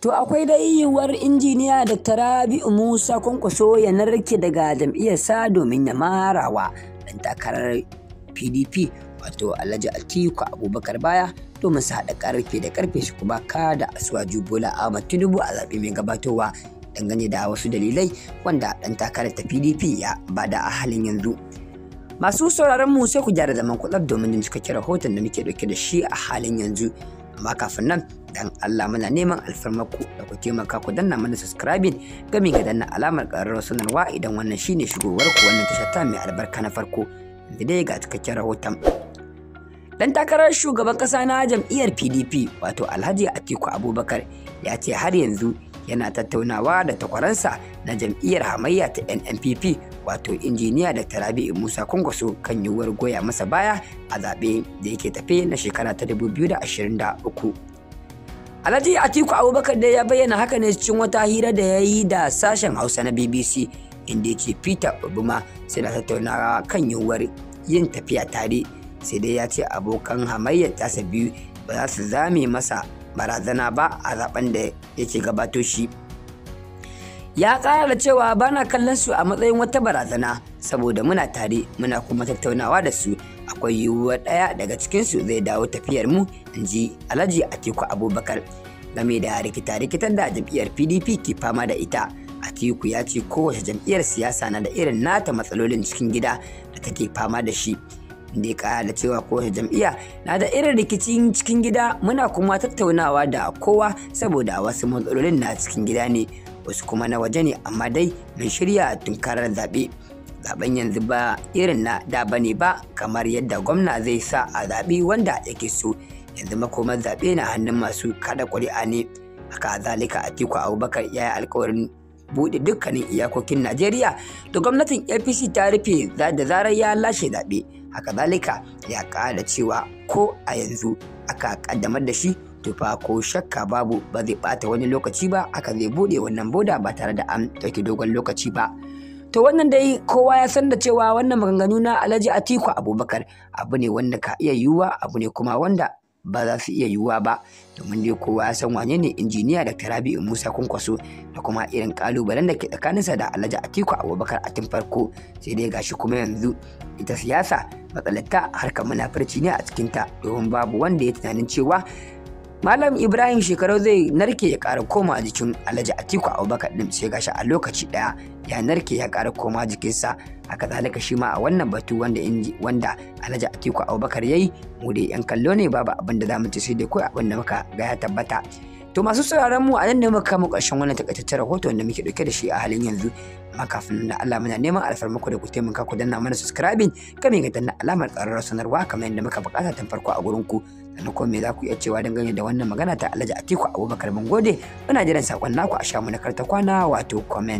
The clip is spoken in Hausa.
To akwai dai yiwuwar injiniya Dr. Rabi'u Musa Kwankwaso ya narke daga jam'iyyarsa domin ya marawa ɗan takarar PDP wato Alhaji Atiku Abubakar baya domin su haɗa ƙarfe da ƙarfe shi kuma ka da asuwa Bola Ahmad Tinubu a zaɓe mai gabatowa dangane da wasu dalilai wanda ɗan takarar ta PDP ya bada a halin yanzu. Masu sauraron mu sai ku gyara zaman kuɗar domin jin cikakken rahoton da muke ɗauke da shi a halin yanzu. amma kafin nan dan Allah muna neman alfarmarku da ku taimaka ku danna mana subscribing gami ga danna alamar ƙararrawar sanarwa idan wannan shine shigowar ku wannan tasha ta mai albarka na farko da dai ga cikakken rahoton dan takarar shugaban kasa na jam'iyyar PDP wato Alhaji Atiku Abubakar ya ce har yanzu yana tattaunawa da takwaransa na jam'iyyar hamayya ta nnpp wato injiniya da tarabi musa kwankwaso kan yiwuwar goya masa baya a zaɓe da yake tafe na shekara ta 2023 alhaji atiku abubakar da ya bayyana haka ne cikin wata hira da ya yi da sashen hausa na bbc inda ya ce peter obuma suna tattaunawa kan yiwuwar yin tafiya tare sai dai ya ce abokan hamayyar tasa biyu ba za su zame masa barazana ba a zaben da yake gabato shi ya kara da cewa bana kallon su a matsayin wata barazana saboda muna tare muna kuma tattaunawa da su akwai yiwuwar ɗaya daga cikinsu zai dawo tafiyar mu in ji alhaji atiku abubakar game da rikita-rikitar da jam'iyyar pdp ke fama da ita atiku ya ce kowace jam'iyyar siyasa na da irin nata matsalolin cikin gida da take fama da shi bai da cewa kowace jam'iyya na da irin rikicin cikin gida muna kuma tattaunawa da kowa saboda wasu matsalolin na cikin gida ne wasu kuma na waje ne amma dai mun shirya tunkarar zaɓe zaben yanzu ba irin na da bane ba kamar yadda gwamna zai sa a zaɓe wanda yake so yanzu makomar zaɓe na hannun masu kada ƙuri'a ne haka zalika tiku abubakar ya yi alkawarin buɗe dukkanin iyakokin najeriya da gwamnatin apc ta rufe da zarar ya lashe zaɓe haka zalika ya ƙara cewa ko a yanzu aka kaddamar da shi to ko shakka babu ba zai ɓata wani lokaci ba aka zai bude wannan boda ba tare da an ɗauki dogon lokaci ba to wannan dai kowa ya san da cewa wannan maganganu na alhaji atiku abubakar abu ne wanda ka iya yiwuwa abu ne kuma wanda ba za su iya yiwuwa ba domin dai kowa ya san wane ne injiniya da karabi musa kunkwaso da kuma irin kalubalen da ke tsakaninsa da alhaji atiku abubakar a tun farko sai dai gashi kuma yanzu ita siyasa matsalarta harkar munafurci ne a cikinta domin babu wanda ya tunanin cewa malam ibrahim shekaru zai narke ya ƙara koma a jikin alhaji atiku abubakar ɗin sai gashi a lokaci daya ya narke ya ƙara koma jikinsa haka zalika shi ma a wannan batu wanda wanda alhaji atiku abubakar yayi yi mu dai yan kallo ne babu abin da za ci sai dai kawai abin da muka ga ya tabbata To masu sauraron mu a nan ne muka kama ƙarshen wannan takaitaccen rahoto wanda muke ɗauke da shi a halin yanzu. Amma kafin da Allah muna neman alfarmako da ku taimaka ku danna mana subscribing kame ga danna alamar ƙararrar sanarwa kamar yadda muka bukata tun farko a gurin ku. Sannan kuma me za ku iya cewa dangane da wannan magana ta Alhaji Atiku Abubakar mun gode. Muna jiran saƙon naku a shamu na karta kwana wato comment.